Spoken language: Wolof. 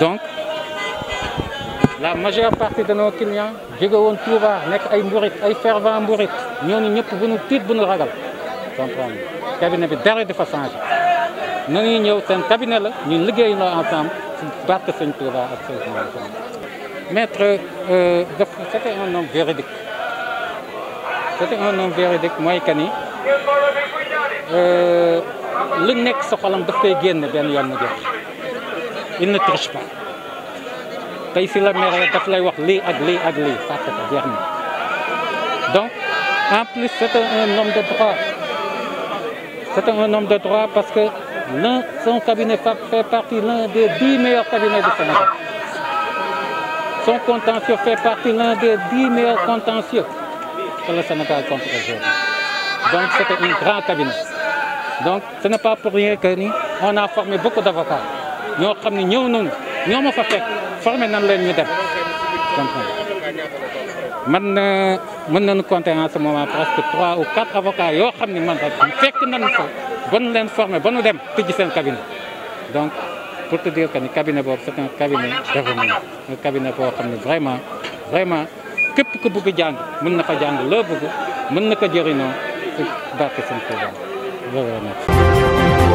donc la majeure partie de nos clients jóge woon baax nekk ay mburit ay fervent mburit ñooñu ñëpp bu ñu tiit bu ñu ragal comprendre cabinet bi dara dafa changé na ñuy ñëw seen cabinet la ñu liggéey la ensemble ci barke sëñ Touba ak sëñ maître euh, def c'était un homme véridique c'était un homme véridique mooy que ni euh, lu nekk sa xolam daf koy génn benn yoon mu il ne triche pas tey si la maire daf lay wax lii ak lii ak donc en plus c'est un homme de droit c'est un homme de droit parce que l'un son cabinet des dix meilleurs cabinets du Sénégal son contentieux fait partie l'un des dix meilleurs contentieux que le Sénégal compte donc c'était un grand cabinet donc ce n'est pas pour rien que on a formé beaucoup d'avocats ñoo xam ne ñëw nañu ñoo ma fa fekk formé nan leen ñu def man euh, mën nañu compter en ce moment presque trois ou quatre avocats yoo xam ne man rek fekk nañu fa ba leen formé ba nu dem tijji seen cabinet donc pour te dire que ni cabinet boobu c'est un cabinet d'avenir un cabinet boo xam ne vraiment vraiment képp ku bëgg jàng mën na fa jàng loo bëgg mën na ko jëriñoo ci barke seen programme loolu